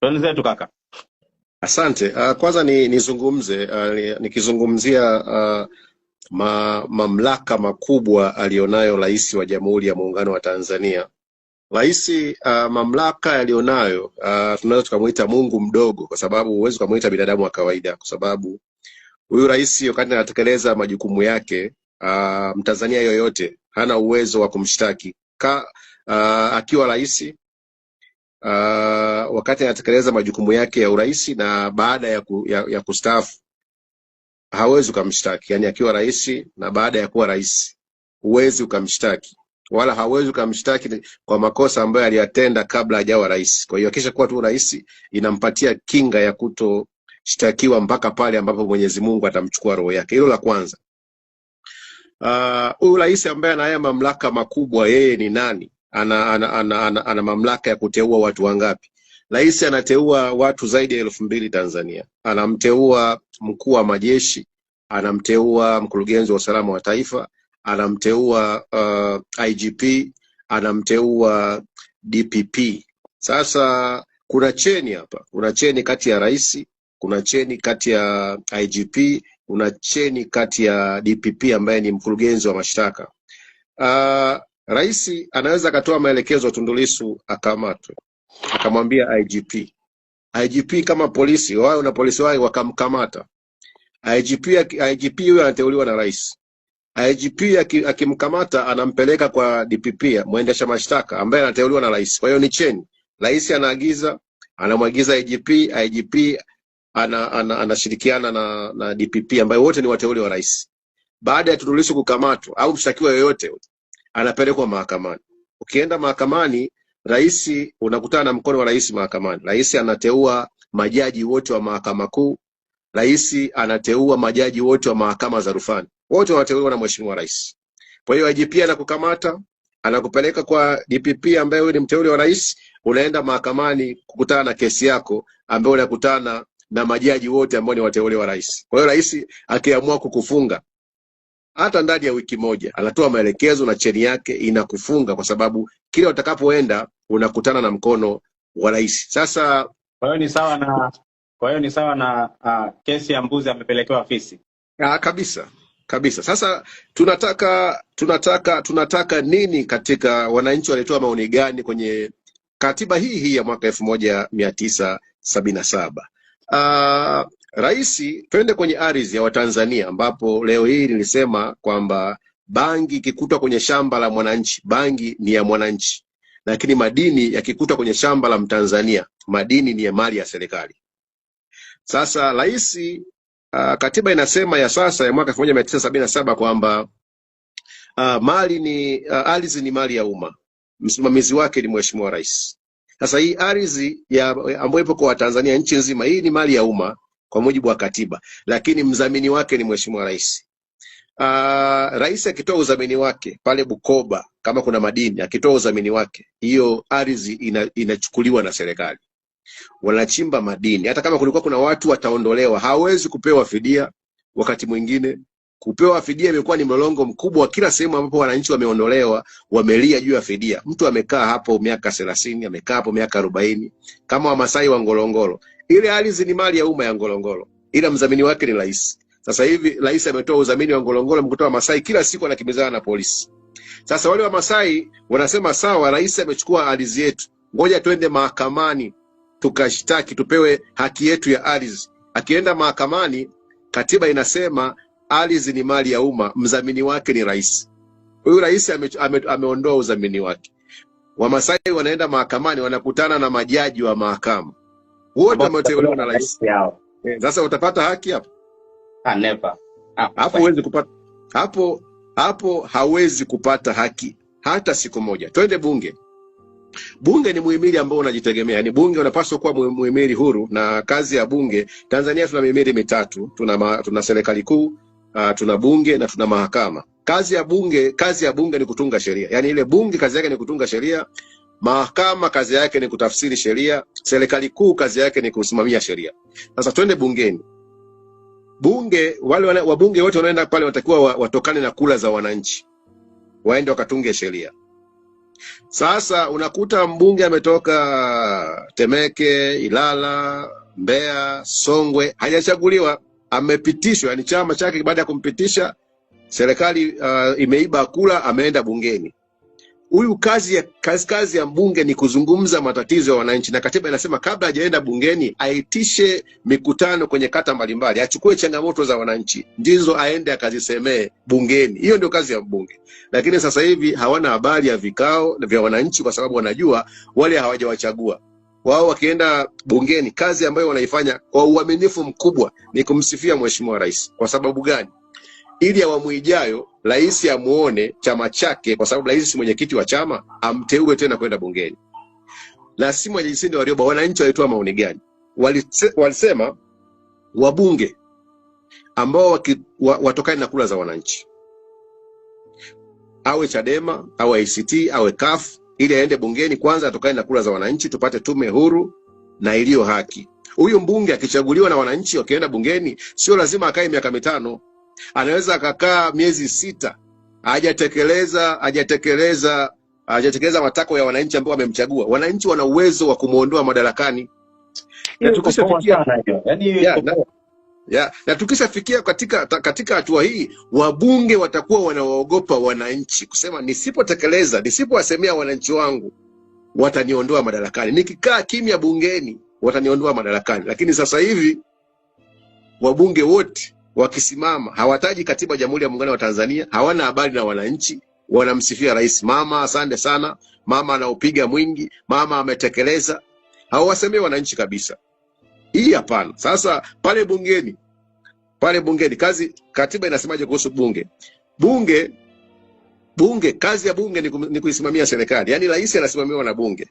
toni zetu kaka. Asante. Uh, kwanza ni nizungumze uh, nikizungumzia uh, ma, mamlaka makubwa aliyonayo Rais wa Jamhuri ya Muungano wa Tanzania. Rais uh, mamlaka aliyonayo uh, tunaweza tukamwita Mungu mdogo, kwa sababu huwezi ukamwita binadamu wa kawaida, kwa sababu huyu rais wakati anatekeleza majukumu yake uh, Mtanzania yoyote hana uwezo wa kumshtaki ka, uh, akiwa rais uh, wakati anatekeleza majukumu yake ya urais na baada ya, ku, ya, ya kustaafu hawezi ukamshtaki. Yani akiwa rais na baada ya kuwa rais huwezi ukamshtaki, wala hawezi ukamshtaki kwa makosa ambayo aliyatenda kabla hajawa rais. Kwa hiyo akisha kuwa tu rais inampatia kinga ya kutoshtakiwa mpaka pale ambapo Mwenyezi Mungu atamchukua roho yake. Hilo la kwanza. Ah, huyu uh, rais ambaye anaye mamlaka makubwa, yeye ni nani? ana, ana, ana, ana, ana mamlaka ya kuteua watu wangapi. Rais anateua watu zaidi ya elfu mbili Tanzania, anamteua mkuu wa majeshi, anamteua mkurugenzi wa usalama wa taifa, anamteua uh, IGP, anamteua DPP. Sasa kuna cheni hapa, kuna cheni kati ya rais, kuna cheni kati ya IGP, kuna cheni kati ya DPP ambaye ni mkurugenzi wa mashtaka. Uh, Rais anaweza akatoa maelekezo Tundu Lissu akamatwe, akamwambia IGP. IGP kama polisi wao na polisi wao wakamkamata IGP, IGP huyo anateuliwa na rais. IGP akimkamata anampeleka kwa DPP mwendesha mashtaka ambaye anateuliwa na rais. Kwa hiyo ni cheni, rais anaagiza, anamwagiza IGP, IGP anashirikiana ana, ana ana na, na DPP ambayo wote ni wateuli wa rais. Baada ya Tundu Lissu kukamatwa au mshtakiwa yoyote anapelekwa mahakamani. Ukienda mahakamani, rais unakutana na mkono wa rais mahakamani. Rais anateua majaji wote wa mahakama kuu, rais anateua majaji wote wa mahakama za rufani, wote wanateuliwa na mheshimiwa rais. Kwa hiyo IGP anakukamata anakupeleka kwa DPP ambaye huyu ni mteuli wa rais, unaenda mahakamani kukutana na kesi yako ambayo unakutana na majaji wote ambao ni wateule wa rais. Kwa hiyo rais akiamua kukufunga hata ndani ya wiki moja, anatoa maelekezo na cheni yake inakufunga, kwa sababu kila utakapoenda unakutana na mkono wa rais. Sasa kwa hiyo ni sawa na kwa hiyo ni sawa na uh, kesi ya mbuzi amepelekewa fisi. Ah, kabisa kabisa. Sasa tunataka tunataka tunataka nini katika wananchi, walitoa maoni gani kwenye katiba hii hii ya mwaka elfu moja mia tisa sabini na saba? Uh, Raisi, twende kwenye ardhi ya Watanzania ambapo leo hii nilisema kwamba bangi ikikutwa kwenye shamba la mwananchi, bangi ni ya mwananchi, lakini madini yakikutwa kwenye shamba la Mtanzania, madini ni ya mali ya serikali. Sasa rais uh, katiba inasema ya sasa ya mwaka elfu moja mia tisa sabini na saba kwamba uh, mali ni uh, ardhi ni mali ya umma, msimamizi wake ni mheshimiwa rais. Sasa hii ardhi ambayo ipo kwa Watanzania nchi nzima, hii ni mali ya umma kwa mujibu wa katiba, lakini mdhamini wake ni mheshimiwa rais. Uh, rais akitoa udhamini wake pale Bukoba, kama kuna madini, akitoa udhamini wake, hiyo ardhi ina, inachukuliwa na serikali, wanachimba madini. Hata kama kulikuwa kuna watu wataondolewa, hawezi kupewa fidia. Wakati mwingine kupewa fidia imekuwa ni mlolongo mkubwa, kila sehemu ambapo wananchi wameondolewa, wamelia juu ya fidia. Mtu amekaa hapo miaka thelathini, amekaa hapo miaka arobaini, kama Wamasai wa Ngorongoro, ile ardhi ni mali ya umma ya Ngorongoro, ila mdhamini wake ni rais. Sasa hivi rais ametoa udhamini wa Ngorongoro, mkutano wa Masai kila siku anakimbizana na polisi. Sasa wale wa Masai wanasema sawa, rais amechukua ardhi yetu, ngoja twende mahakamani tukashtaki, tupewe haki yetu ya ardhi. Akienda mahakamani, katiba inasema ardhi ni mali ya umma, mdhamini wake ni rais. Huyu rais ame, ame, ameondoa udhamini wake. Wamasai wanaenda mahakamani, wanakutana na majaji wa mahakama wote wameteuliwa na rais yao. Eh, sasa utapata haki hapo? Ah, never. Ah, hapo huwezi kupata hapo hapo hawezi kupata haki hata siku moja. Twende bunge. Bunge ni muhimili ambao unajitegemea, ni bunge unapaswa kuwa muhimili huru, na kazi ya bunge Tanzania tuna mihimili mitatu, tuna, ma, tuna serikali kuu uh, tuna bunge na tuna mahakama. Kazi ya bunge, kazi ya bunge ni kutunga sheria, yaani ile bunge kazi yake ni kutunga sheria Mahakama kazi yake ni kutafsiri sheria, serikali kuu kazi yake ni kusimamia sheria. Sasa twende bungeni. Bunge wale wabunge wote wanaenda pale wanatakiwa watokane na kula za wananchi, waende wakatunge sheria. Sasa unakuta mbunge ametoka Temeke, Ilala, Mbeya, Songwe, hajachaguliwa, amepitishwa, yani chama chake baada ya kumpitisha serikali uh, imeiba kula, ameenda bungeni huyu kazi ya, kazi, kazi ya mbunge ni kuzungumza matatizo ya wananchi, na katiba inasema kabla hajaenda bungeni aitishe mikutano kwenye kata mbalimbali, achukue changamoto za wananchi ndizo aende akazisemee bungeni. Hiyo ndio kazi ya mbunge. Lakini sasa hivi hawana habari ya vikao vya wananchi, kwa sababu wanajua wale hawajawachagua wao. Wakienda bungeni, kazi ambayo wanaifanya kwa uaminifu mkubwa ni kumsifia Mheshimiwa Rais. Kwa sababu gani? ili awamu ijayo rais amuone chama chake, kwa sababu rais si mwenyekiti wa chama, amteue tena kwenda bungeni. Na Simon Jayasinde Warioba, wananchi walitoa maoni gani? Walisema wabunge ambao watokane na kura za wananchi, awe Chadema, awe ACT, awe CUF, ili aende bungeni kwanza atokane na kura za wananchi, tupate tume huru na iliyo haki. Huyu mbunge akichaguliwa na wananchi, wakienda bungeni, sio lazima akae miaka mitano anaweza akakaa miezi sita hajatekeleza hajatekeleza hajatekeleza matakwa ya wananchi ambao wamemchagua. Wananchi wana uwezo wa kumwondoa madarakani na tukishafikia yaani ya, na tukishafikia katika katika hatua hii, wabunge watakuwa wanawaogopa wananchi kusema, nisipotekeleza nisipowasemea wananchi wangu wataniondoa madarakani, nikikaa kimya bungeni wataniondoa madarakani. Lakini sasa hivi wabunge wote wakisimama hawataji katiba ya Jamhuri ya Muungano wa Tanzania, hawana habari na wananchi, wanamsifia rais. Mama asante sana, mama anaupiga mwingi, mama ametekeleza. hawasemei wananchi kabisa. Hii hapana. Sasa pale bungeni, pale bungeni kazi, katiba inasemaje kuhusu bunge? Bunge bunge, kazi ya bunge ni, ni kuisimamia serikali, yaani rais anasimamiwa na bunge.